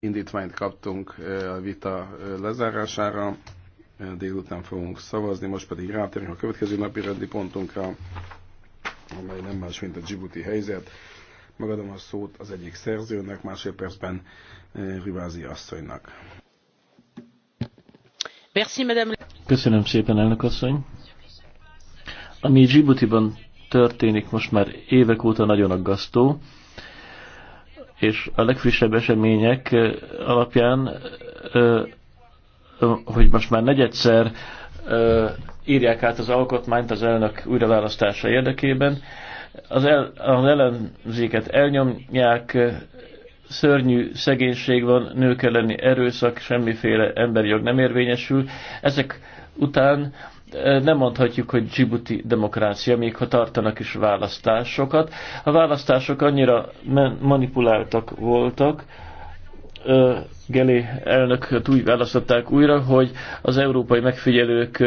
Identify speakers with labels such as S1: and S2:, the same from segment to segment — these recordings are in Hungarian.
S1: indítványt kaptunk a vita lezárására, délután fogunk szavazni, most pedig rátérünk a következő napi rendi pontunkra, amely nem más, mint a Djibouti helyzet. Megadom a szót az egyik szerzőnek, másfél percben Rivázi asszonynak.
S2: Köszönöm szépen, elnök asszony. Ami Djiboutiban történik most már évek óta nagyon aggasztó, és a legfrissebb események alapján, hogy most már negyedszer írják át az alkotmányt az elnök újraválasztása érdekében, az, el, az ellenzéket elnyomják, szörnyű szegénység van, nők elleni erőszak, semmiféle emberi jog nem érvényesül. Ezek után nem mondhatjuk, hogy Djibouti demokrácia, még ha tartanak is választásokat. A választások annyira manipuláltak voltak, Geli elnököt úgy választották újra, hogy az európai megfigyelők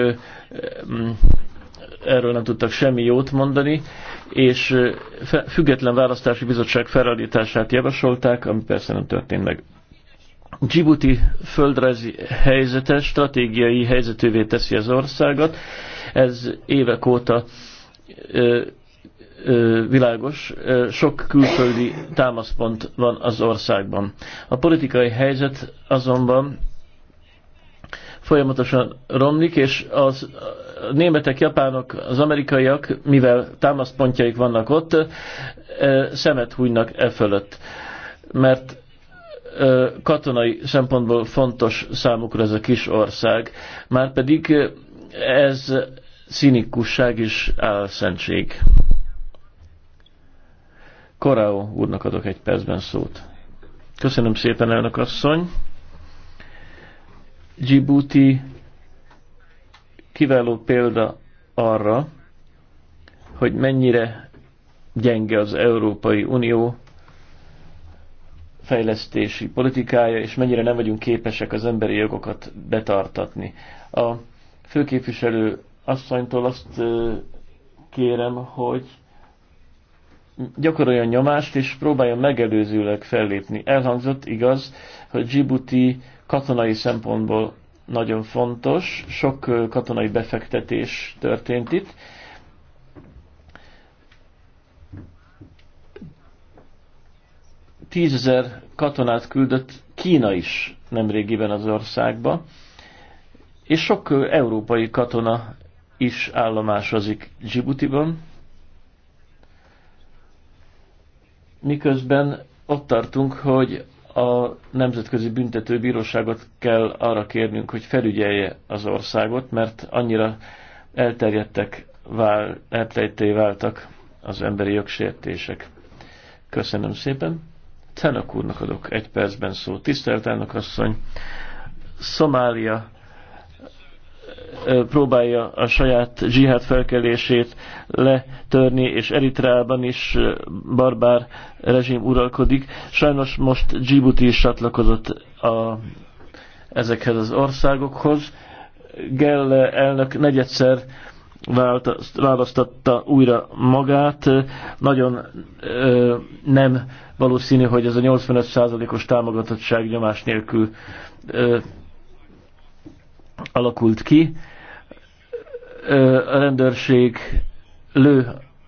S2: erről nem tudtak semmi jót mondani, és független választási bizottság felállítását javasolták, ami persze nem történt meg. Djibouti földrajzi helyzete stratégiai helyzetővé teszi az országot. Ez évek óta ö, ö, világos, ö, sok külföldi támaszpont van az országban. A politikai helyzet azonban folyamatosan romlik, és az a németek, japánok, az amerikaiak, mivel támaszpontjaik vannak ott, szemet hújnak e fölött. Mert katonai szempontból fontos számukra ez a kis ország, már pedig ez cinikusság és álszentség. Koráó úrnak adok egy percben szót. Köszönöm szépen, elnök asszony. Djibouti kiváló példa arra, hogy mennyire gyenge az Európai Unió fejlesztési politikája, és mennyire nem vagyunk képesek az emberi jogokat betartatni. A főképviselő asszonytól azt kérem, hogy gyakoroljon nyomást, és próbáljon megelőzőleg fellépni. Elhangzott, igaz, hogy Djibouti katonai szempontból nagyon fontos, sok katonai befektetés történt itt, tízezer katonát küldött Kína is nemrégiben az országba, és sok európai katona is állomásozik Djibouti-ban, miközben ott tartunk, hogy a Nemzetközi Büntetőbíróságot kell arra kérnünk, hogy felügyelje az országot, mert annyira elterjedtek, vál, elterjedté váltak az emberi jogsértések. Köszönöm szépen! Tenak úrnak adok egy percben szó. Tisztelt elnök asszony, Szomália próbálja a saját dzsihád felkelését letörni, és Eritreában is barbár rezsim uralkodik. Sajnos most Djibouti is csatlakozott a, ezekhez az országokhoz. Gell elnök negyedszer választatta újra magát. Nagyon ö, nem valószínű, hogy ez a 85%-os támogatottság nyomás nélkül ö, alakult ki. Ö, a rendőrség lő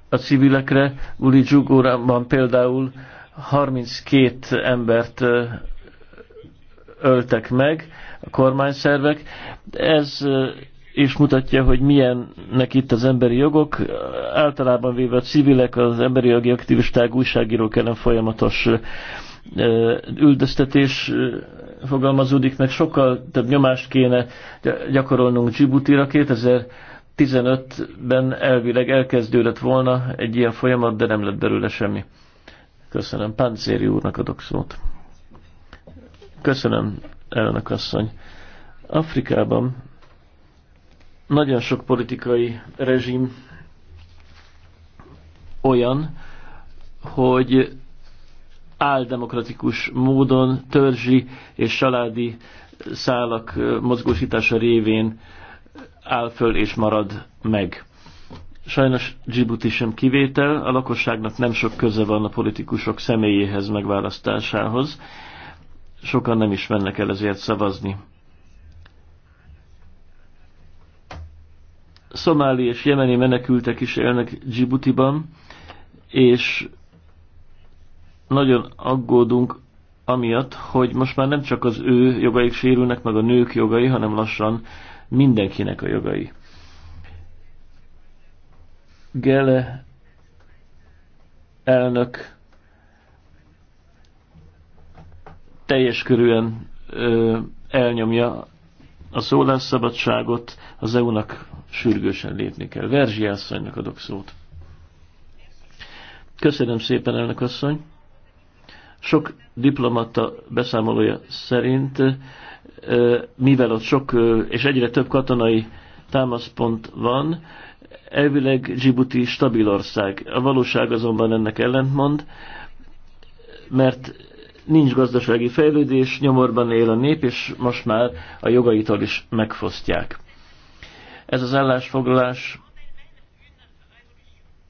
S2: a civilekre. Uli Dzsugórában például 32 embert ö, öltek meg a kormányszervek. Ez és mutatja, hogy milyennek itt az emberi jogok. Általában véve a civilek, az emberi jogi aktivisták, újságírók ellen folyamatos üldöztetés fogalmazódik meg. Sokkal több nyomást kéne gyakorolnunk Djiboutira. 2015-ben elvileg elkezdődött volna egy ilyen folyamat, de nem lett belőle semmi. Köszönöm. Páncéri úrnak adok szót. Köszönöm, elnök asszony. Afrikában nagyon sok politikai rezsim olyan, hogy áldemokratikus módon, törzsi és családi szálak mozgósítása révén áll föl és marad meg. Sajnos Djibouti sem kivétel, a lakosságnak nem sok köze van a politikusok személyéhez, megválasztásához. Sokan nem is mennek el ezért szavazni. szomáli és jemeni menekültek is élnek Djibutiban, és nagyon aggódunk amiatt, hogy most már nem csak az ő jogaik sérülnek, meg a nők jogai, hanem lassan mindenkinek a jogai. Gele elnök teljes körűen ö, elnyomja a szólásszabadságot az EU-nak sürgősen lépni kell. Verzsi asszonynak adok szót. Köszönöm szépen, elnök asszony. Sok diplomata beszámolója szerint, mivel ott sok és egyre több katonai támaszpont van, elvileg Djibouti stabil ország. A valóság azonban ennek ellentmond, mert nincs gazdasági fejlődés, nyomorban él a nép, és most már a jogaitól is megfosztják. Ez az állásfoglalás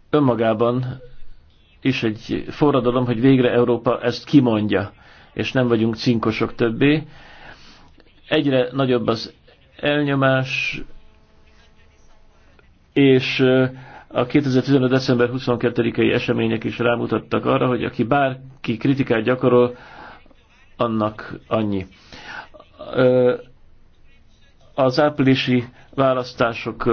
S2: önmagában is egy forradalom, hogy végre Európa ezt kimondja, és nem vagyunk cinkosok többé. Egyre nagyobb az elnyomás, és a 2015. december 22-i események is rámutattak arra, hogy aki bárki kritikát gyakorol, annak annyi. Az áprilisi választások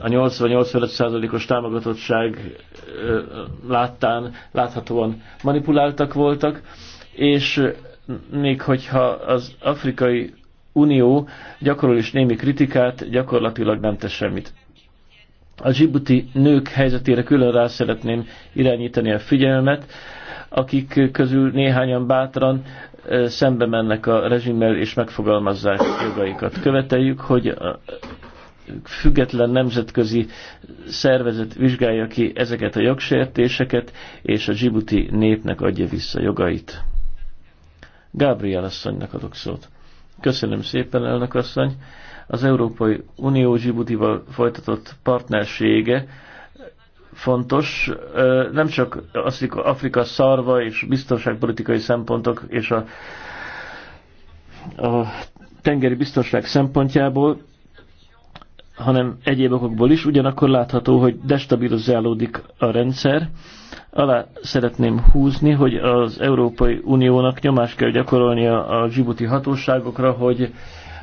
S2: a 80-85%-os támogatottság láttán láthatóan manipuláltak voltak, és még hogyha az Afrikai Unió gyakorol is némi kritikát, gyakorlatilag nem tesz semmit. A zsibuti nők helyzetére külön rá szeretném irányítani a figyelmet, akik közül néhányan bátran szembe mennek a rezsimmel és megfogalmazzák jogaikat. Követeljük, hogy a független nemzetközi szervezet vizsgálja ki ezeket a jogsértéseket, és a zsibuti népnek adja vissza jogait. Gábriel asszonynak adok szót. Köszönöm szépen, elnök asszony. Az Európai Unió Djibutival folytatott partnersége fontos, nem csak Afrika szarva és biztonságpolitikai szempontok és a, a tengeri biztonság szempontjából, hanem egyéb okokból is. Ugyanakkor látható, hogy destabilizálódik a rendszer. Alá szeretném húzni, hogy az Európai Uniónak nyomást kell gyakorolnia a Djibouti hatóságokra, hogy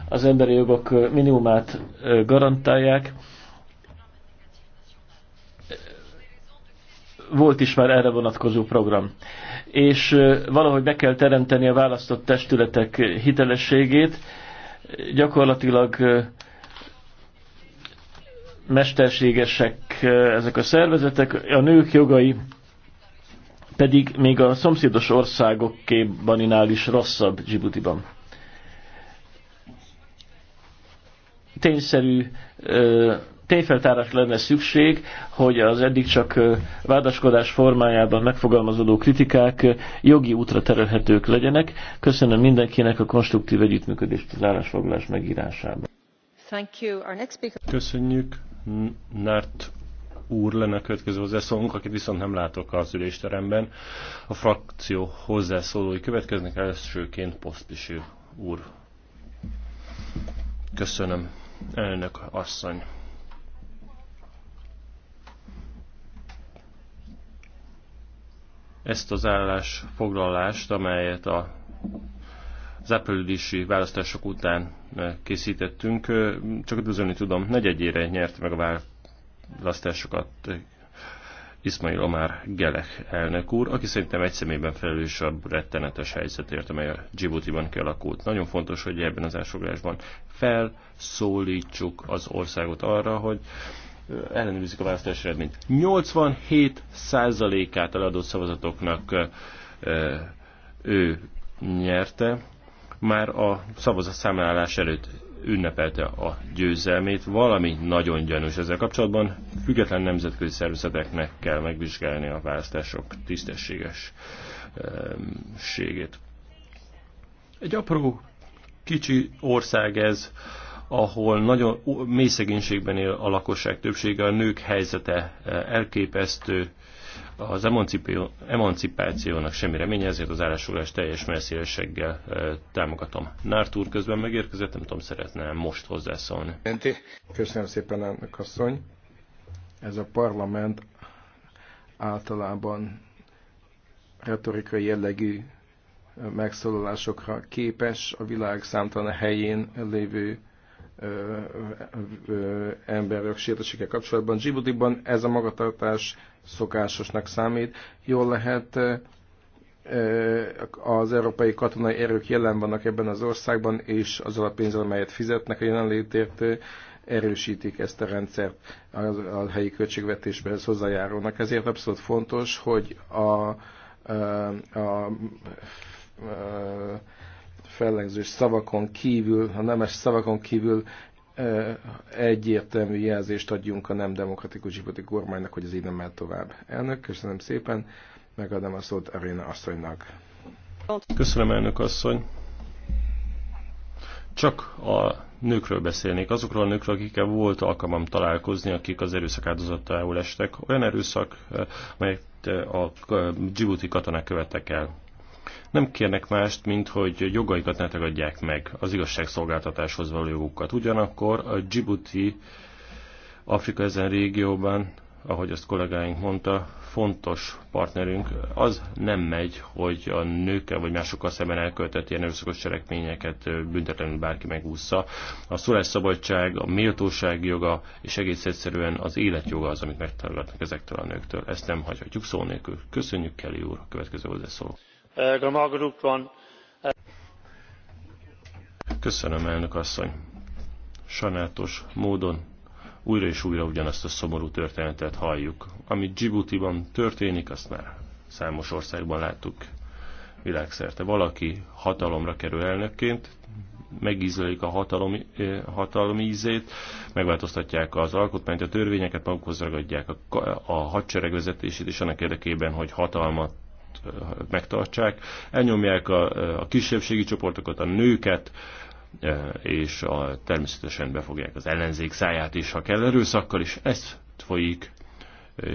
S2: az emberi jogok minimumát garantálják. Volt is már erre vonatkozó program. És valahogy be kell teremteni a választott testületek hitelességét. Gyakorlatilag mesterségesek ezek a szervezetek, a nők jogai pedig még a szomszédos országok képbaninál is rosszabb djibouti tényszerű tényfeltárás lenne szükség, hogy az eddig csak vádaskodás formájában megfogalmazódó kritikák jogi útra terelhetők legyenek. Köszönöm mindenkinek a konstruktív együttműködést az állásfoglalás megírásában.
S1: Thank you. Our next speaker...
S3: Köszönjük. Nárt úr lenne következő
S2: hozzászólónk, akit
S3: viszont nem látok az ülésteremben. A frakció hozzászólói következnek elsőként Posztpiső úr. Köszönöm elnök asszony. Ezt az állásfoglalást, amelyet a az áprilisi választások után e, készítettünk, csak üdvözölni tudom, negyedjére nyerte meg a választásokat Ismail Omar Gelek elnök úr, aki szerintem egy személyben felelős a rettenetes helyzetért, amely a Djibouti-ban kialakult. Nagyon fontos, hogy ebben az elsoglásban felszólítsuk az országot arra, hogy ellenőrizik a választási eredményt. 87%-át leadott szavazatoknak ő nyerte, már a szavazat számlálás előtt ünnepelte a győzelmét, valami nagyon gyanús ezzel kapcsolatban. Független nemzetközi szervezeteknek kell megvizsgálni a választások tisztességességét. Ehm, Egy apró, kicsi ország ez, ahol nagyon mély szegénységben él a lakosság többsége, a nők helyzete eh, elképesztő, az emancipációnak semmi reménye, ezért az állásfoglalás teljes messzélességgel támogatom. Nárt úr közben megérkezett, nem tudom, szeretném most hozzászólni.
S1: Köszönöm szépen, elnök asszony. Ez a parlament általában retorikai jellegű megszólalásokra képes a világ számtalan helyén lévő emberek sértettséggel kapcsolatban. djibouti ez a magatartás szokásosnak számít. Jól lehet az európai katonai erők jelen vannak ebben az országban, és az a amelyet fizetnek a jelenlétért, erősítik ezt a rendszert a helyi költségvetésben hozzájárulnak. Ezért abszolút fontos, hogy a, a, a, a fellegzős szavakon kívül, a nemes szavakon kívül egyértelmű jelzést adjunk a nem demokratikus hipoti kormánynak, hogy ez így nem mehet tovább. Elnök, köszönöm szépen, megadom a szót Aréna asszonynak.
S3: Köszönöm, elnök asszony. Csak a nőkről beszélnék, azokról a nőkről, akikkel volt alkalmam találkozni, akik az erőszak áldozatául estek. Olyan erőszak, amelyet a Djibouti katonák követtek el nem kérnek mást, mint hogy jogaikat ne tagadják meg az igazságszolgáltatáshoz való jogukat. Ugyanakkor a Djibouti Afrika ezen régióban, ahogy azt kollégáink mondta, fontos partnerünk, az nem megy, hogy a nőkkel vagy másokkal szemben elköltött ilyen erőszakos cselekményeket büntetlenül bárki megúszza. A szólásszabadság, a méltóság joga és egész egyszerűen az életjoga az, amit megtalálhatnak ezektől a nőktől. Ezt nem hagyhatjuk szó nélkül. Köszönjük, Kelly úr, a következő hozzászóló. Köszönöm, elnök asszony. Sajnálatos módon újra és újra ugyanazt a szomorú történetet halljuk. Ami dzsibutiban történik, azt már számos országban láttuk világszerte. Valaki hatalomra kerül elnökként, megízlelik a hatalom, eh, hatalom ízét, megváltoztatják az alkotmányt, a törvényeket, magukhoz ragadják a, a hadsereg vezetését, és annak érdekében, hogy hatalmat megtartsák. Elnyomják a, a kisebbségi csoportokat, a nőket, e, és a, természetesen befogják az ellenzék száját is, ha kell erőszakkal, és ez folyik e,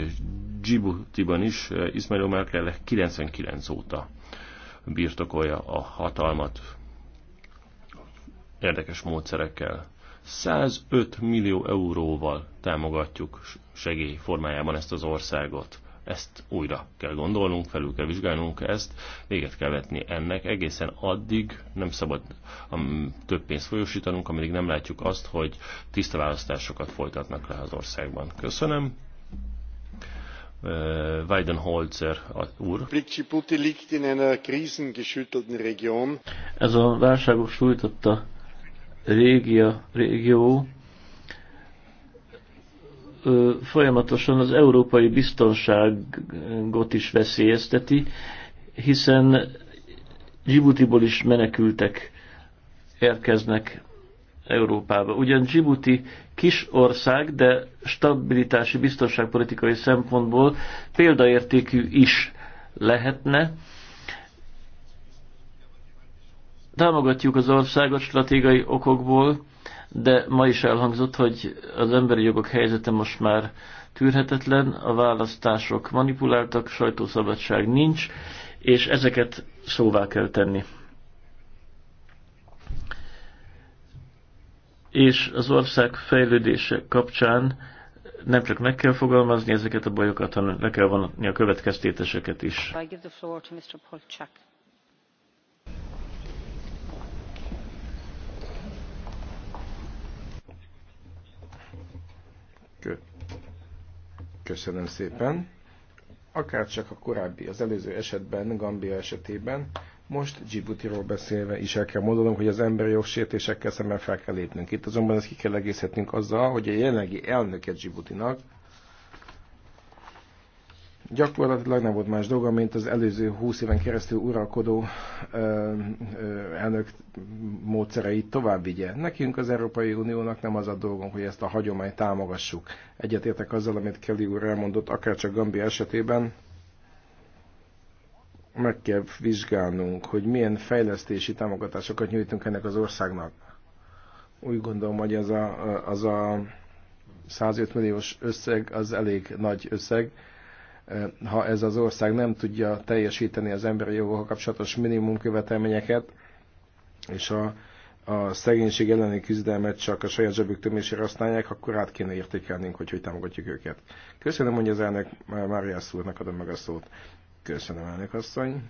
S3: Djibouti-ban is. E, Ismail Omar 99 óta birtokolja a hatalmat érdekes módszerekkel. 105 millió euróval támogatjuk segély formájában ezt az országot. Ezt újra kell gondolnunk, felül kell vizsgálnunk ezt, véget kell vetni ennek. Egészen addig nem szabad több pénzt folyósítanunk, amíg nem látjuk azt, hogy tiszta választásokat folytatnak le az országban. Köszönöm.
S2: Weidenholzer úr. Ez a válságos sújtotta régia, régió folyamatosan az európai biztonságot is veszélyezteti, hiszen Djiboutiból is menekültek érkeznek Európába. Ugyan Djibouti kis ország, de stabilitási biztonságpolitikai szempontból példaértékű is lehetne. Támogatjuk az országot stratégiai okokból, de ma is elhangzott, hogy az emberi jogok helyzete most már tűrhetetlen, a választások manipuláltak, sajtószabadság nincs, és ezeket szóvá kell tenni. És az ország fejlődése kapcsán nem csak meg kell fogalmazni ezeket a bajokat, hanem le kell vonni a következtéteseket is.
S1: Köszönöm szépen. Akárcsak a korábbi, az előző esetben, Gambia esetében, most Djibuti-ról beszélve is el kell mondanom, hogy az emberi jogsértésekkel szemben fel kell lépnünk. Itt azonban ezt ki kell egészhetnünk azzal, hogy a jelenlegi elnöke Djibouti-nak, gyakorlatilag nem volt más dolga, mint az előző húsz éven keresztül uralkodó ö, ö, elnök módszereit tovább vigye. Nekünk az Európai Uniónak nem az a dolgunk, hogy ezt a hagyományt támogassuk. Egyetértek azzal, amit Kelly úr elmondott, akár csak Gambia esetében, meg kell vizsgálnunk, hogy milyen fejlesztési támogatásokat nyújtunk ennek az országnak. Úgy gondolom, hogy az a, az a 105 milliós összeg az elég nagy összeg, ha ez az ország nem tudja teljesíteni az emberi jogokkal kapcsolatos minimum követelményeket, és a, a szegénység elleni küzdelmet csak a saját zsebük tömésére használják, akkor át kéne értékelnünk, hogy hogy támogatjuk őket. Köszönöm, hogy az elnök Máriász úrnak adom meg a szót. Köszönöm, elnök asszony.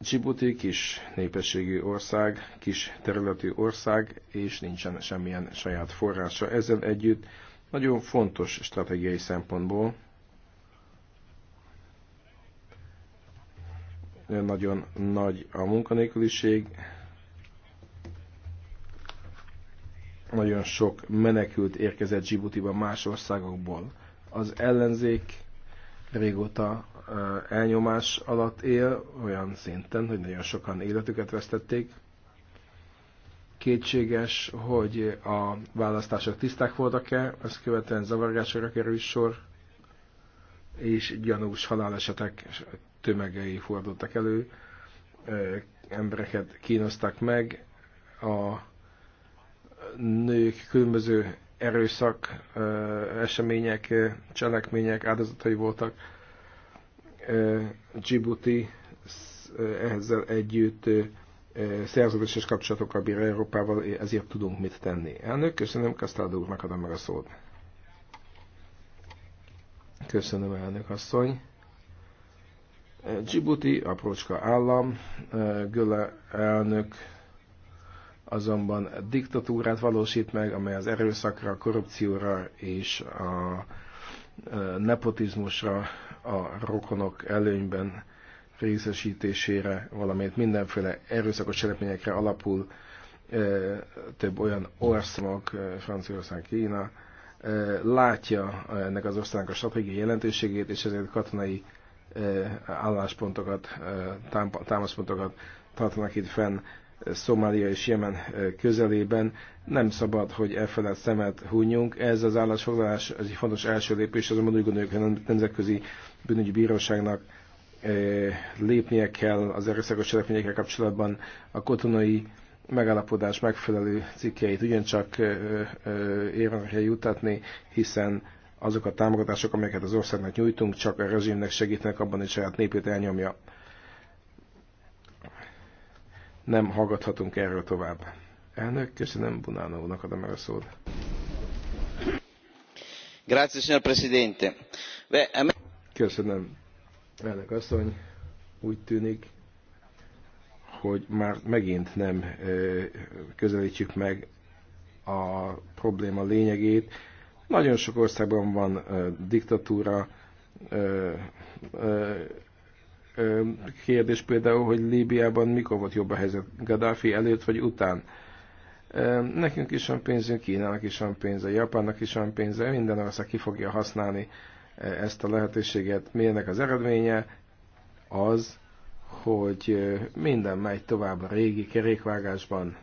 S1: Djibouti kis népességű ország, kis területű ország, és nincsen semmilyen saját forrása. Ezzel együtt nagyon fontos stratégiai szempontból. Nagyon nagy a munkanélküliség, nagyon sok menekült érkezett Djiboutiba más országokból. Az ellenzék régóta elnyomás alatt él, olyan szinten, hogy nagyon sokan életüket vesztették. Kétséges, hogy a választások tiszták voltak-e, ezt követően zavargásokra kerül sor, és gyanús halálesetek tömegei fordultak elő, embereket kínoztak meg, a nők különböző erőszak, események, cselekmények áldozatai voltak. Djibouti ezzel együtt szerződéses kapcsolatokkal bír Európával, ezért tudunk mit tenni. Elnök, köszönöm, Kasztád úrnak adom meg a szót. Köszönöm, elnök asszony. Djibouti, aprócska állam, Göle elnök azonban diktatúrát valósít meg, amely az erőszakra, korrupcióra és a nepotizmusra a rokonok előnyben részesítésére, valamint mindenféle erőszakos cselekményekre alapul több olyan országok, Franciaország, Kína, látja ennek az országnak a stratégiai jelentőségét, és ezért katonai álláspontokat, támaszpontokat tartanak itt fenn Szomália és Jemen közelében. Nem szabad, hogy elfelett szemet hunyunk. Ez az állásfoglalás ez egy fontos első lépés, azonban úgy gondoljuk, hogy a Nemzetközi Bűnügyi Bíróságnak lépnie kell az erőszakos cselekményekkel kapcsolatban a kotonai megállapodás megfelelő cikkeit ugyancsak érvényre kell jutatni, hiszen azok a támogatások, amelyeket az országnak nyújtunk, csak a rezsimnek segítenek abban, hogy saját népét elnyomja. Nem hallgathatunk erről tovább. Elnök, köszönöm Bunánónak adom el a szót. Grazie, signor Presidente. Köszönöm Elnök asszony, úgy tűnik, hogy már megint nem közelítjük meg a probléma lényegét. Nagyon sok országban van diktatúra. Kérdés például, hogy Líbiában mikor volt jobb a helyzet, Gaddafi előtt vagy után. Nekünk is van pénzünk, Kínának is van pénze, Japánnak is van pénze, minden ország ki fogja használni ezt a lehetőséget. Mi ennek az eredménye? Az, hogy minden megy tovább a régi kerékvágásban.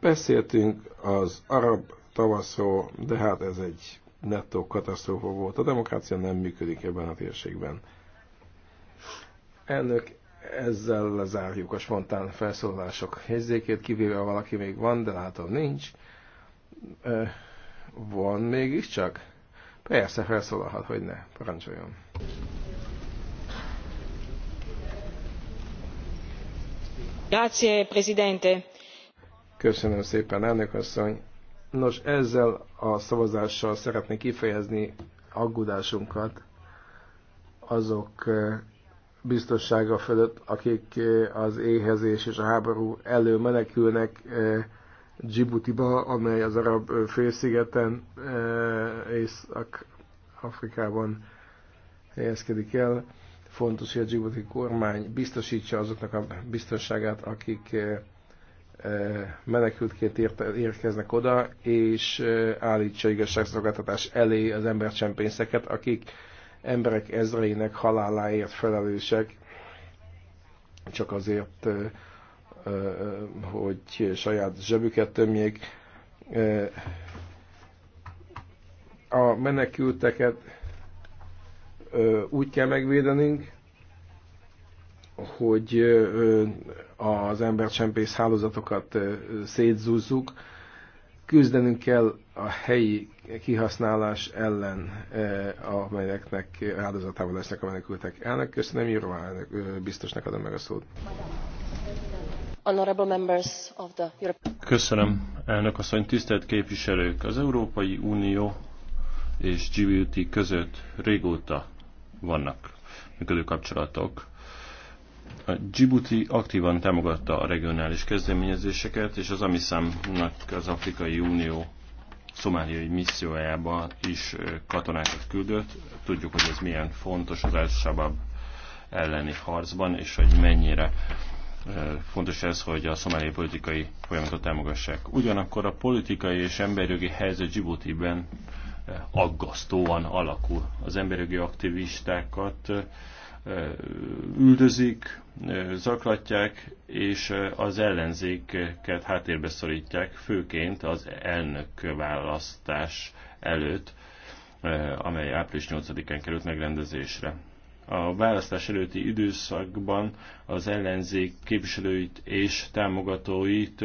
S1: Beszéltünk az arab tavaszról, de hát ez egy nettó katasztrófa volt. A demokrácia nem működik ebben a térségben. Elnök, ezzel lezárjuk a spontán felszólalások helyzékét, kivéve valaki még van, de látom nincs. Van mégiscsak? Persze, felszólalhat, hogy ne. Parancsoljon.
S3: Grazie, Presidente.
S1: Köszönöm szépen, elnök asszony. Nos, ezzel a szavazással szeretnék kifejezni aggódásunkat azok biztossága fölött, akik az éhezés és a háború elő menekülnek, Djibouti-ba, amely az arab félszigeten, Észak-Afrikában helyezkedik el. Fontos, hogy a Djibouti kormány biztosítsa azoknak a biztonságát, akik menekültként érkeznek oda, és állítsa igazságszolgáltatás elé az embercsempészeket, akik emberek ezreinek haláláért felelősek, csak azért, hogy saját zsebüket tömjék. A menekülteket úgy kell megvédenünk, hogy az embercsempész hálózatokat szétzúzzuk, küzdenünk kell a helyi kihasználás ellen, amelyeknek áldozatával lesznek a menekültek. Elnök, köszönöm, Jóra, biztosnak adom meg a szót.
S3: Köszönöm, elnök asszony, tisztelt képviselők! Az Európai Unió és Djibouti között régóta vannak működő kapcsolatok. A Djibouti aktívan támogatta a regionális kezdeményezéseket, és az AMISZAM-nak az Afrikai Unió szomáliai missziójába is katonákat küldött. Tudjuk, hogy ez milyen fontos az al elleni harcban, és hogy mennyire fontos ez, hogy a szomáliai politikai folyamatot támogassák. Ugyanakkor a politikai és emberjogi helyzet Djibouti-ben eh, aggasztóan alakul. Az emberjogi aktivistákat eh, üldözik, eh, zaklatják, és az ellenzéket háttérbe szorítják, főként az elnök választás előtt, amely április 8-án került megrendezésre a választás előtti időszakban az ellenzék képviselőit és támogatóit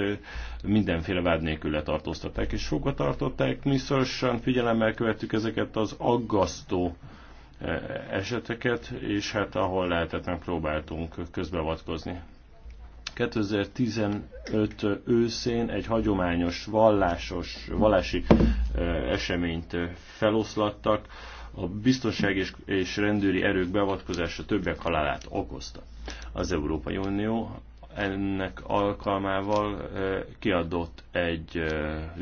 S3: mindenféle vád nélkül letartóztatták és fogva tartották. Mi szorosan figyelemmel követtük ezeket az aggasztó eseteket, és hát ahol lehetett megpróbáltunk közbeavatkozni. 2015 őszén egy hagyományos vallásos, vallási eseményt feloszlattak, a biztonság és, és rendőri erők beavatkozása többek halálát okozta. Az Európai Unió ennek alkalmával kiadott egy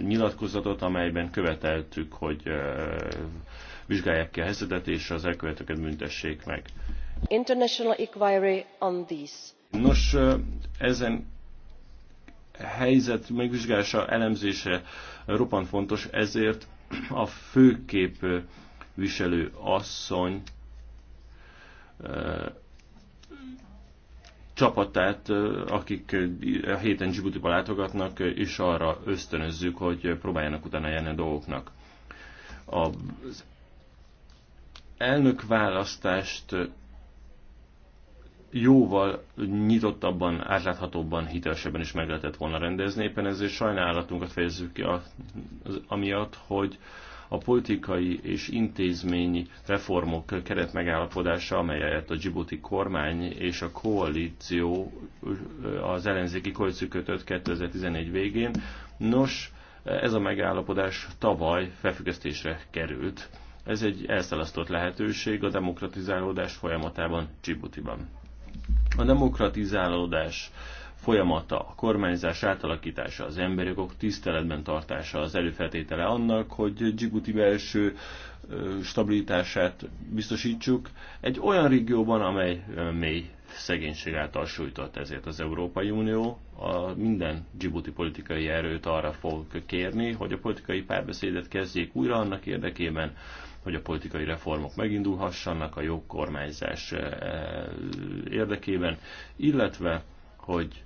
S3: nyilatkozatot, amelyben követeltük, hogy vizsgálják ki a helyzetet, és az elkövetőket büntessék meg.
S1: International inquiry on these.
S3: Nos, ezen helyzet megvizsgálása, elemzése roppant fontos, ezért a főkép viselő asszony csapatát, akik a héten djibouti látogatnak, és arra ösztönözzük, hogy próbáljanak utána járni a dolgoknak. Az elnök választást jóval nyitottabban, átláthatóbban, hitelesebben is meg lehetett volna rendezni. Éppen ezért sajnálatunkat fejezzük ki amiatt, hogy a politikai és intézményi reformok keretmegállapodása, amelyet a Djibouti kormány és a koalíció, az ellenzéki koalíció kötött 2014 végén. Nos, ez a megállapodás tavaly felfüggesztésre került. Ez egy elszalasztott lehetőség a demokratizálódás folyamatában Djiboutiban. A demokratizálódás folyamata, a kormányzás átalakítása, az emberi jogok tiszteletben tartása az előfeltétele annak, hogy Djibouti belső stabilitását biztosítsuk egy olyan régióban, amely mély szegénység által sújtott. Ezért az Európai Unió a minden Djibouti politikai erőt arra fog kérni, hogy a politikai párbeszédet kezdjék újra annak érdekében, hogy a politikai reformok megindulhassanak a jogkormányzás érdekében, illetve hogy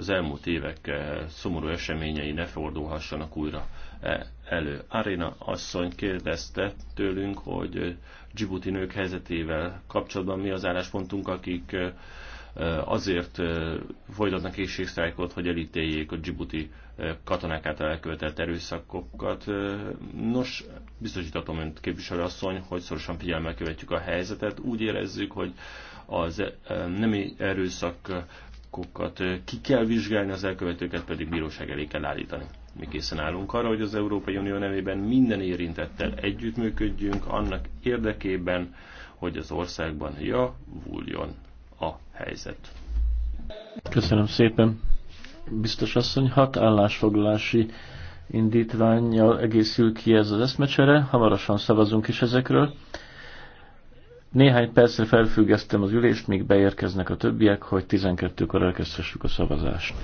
S3: az elmúlt évek eh, szomorú eseményei ne fordulhassanak újra eh, elő. Arena asszony kérdezte tőlünk, hogy eh, Djibouti nők helyzetével kapcsolatban mi az álláspontunk, akik azért folytatnak készségsztrájkot, hogy elítéljék a Djibouti katonák által elkövetett erőszakokat. Nos, biztosítatom önt asszony, hogy szorosan figyelmel követjük a helyzetet. Úgy érezzük, hogy az nemi erőszak fiaskókat ki kell vizsgálni, az elkövetőket pedig bíróság elé kell állítani. Mi készen állunk arra, hogy az Európai Unió nevében minden érintettel együttműködjünk annak érdekében, hogy az országban javuljon
S2: a helyzet. Köszönöm szépen. Biztos asszony, hat állásfoglalási indítványjal egészül ki ez az eszmecsere. Hamarosan szavazunk is ezekről. Néhány percre felfüggesztem az ülést, míg beérkeznek a többiek, hogy 12-kor elkezdhessük a szavazást.